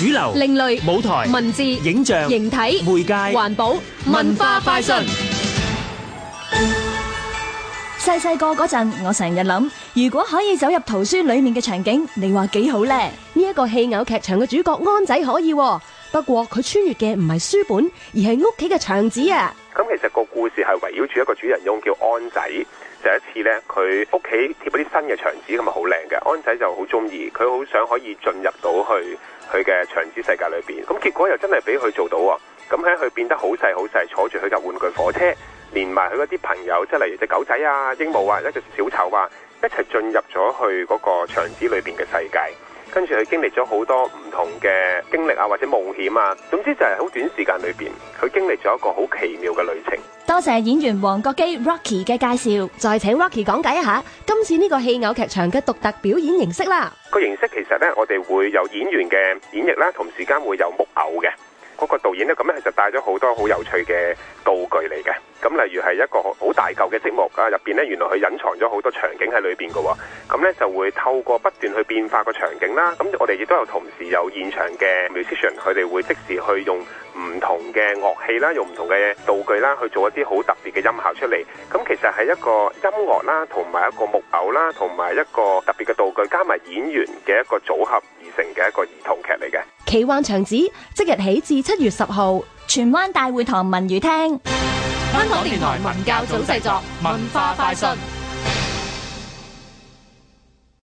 主流、另類、舞台、文字、影像、形體、媒介、環保、文化快訊。細細個嗰陣，我成日諗，如果可以走入圖書裏面嘅場景，你話幾好咧？呢一個戲偶劇場嘅主角安仔可以，不過佢穿越嘅唔係書本，而係屋企嘅牆紙啊！咁其實個故事係圍繞住一個主人翁叫安仔，就一次咧，佢屋企貼嗰啲新嘅牆紙，咁啊好靚。安仔就好中意，佢好想可以進入到去佢嘅牆紙世界裏邊，咁結果又真係俾佢做到喎。咁喺佢變得好細好細，坐住佢架玩具火車，連埋佢嗰啲朋友，即係例如隻狗仔啊、鸚鵡啊、一隻小丑啊，一齊進入咗去嗰個牆紙裏邊嘅世界。跟住佢經歷咗好多唔同嘅經歷啊，或者冒險啊，總之就係好短時間裏邊，佢經歷咗一個好奇妙嘅旅程。多謝演員王國基 Rocky 嘅介紹，再請 Rocky 講解一下今次呢個戲偶劇場嘅獨特表演形式啦。個形式其實呢，我哋會有演員嘅演繹啦，同時間會有木偶嘅嗰個導演呢，咁咧就帶咗好多好有趣嘅道具嚟嘅。咁例如係一個好大舊嘅積木啊，入邊咧原來佢隱藏咗好多場景喺裏邊嘅，咁咧就會透過不斷去變化個場景啦。咁我哋亦都有同時有現場嘅 musician，佢哋會即時去用唔同嘅樂器啦，用唔同嘅道具啦去做一啲好特別嘅音效出嚟。咁其實係一個音樂啦，同埋一個木偶啦，同埋一個特別嘅道具加埋演員嘅一個組合而成嘅一個兒童劇嚟嘅。奇幻長子即日起至七月十號，荃灣大會堂文娛廳。香港電台文教組製作《文化快訊》。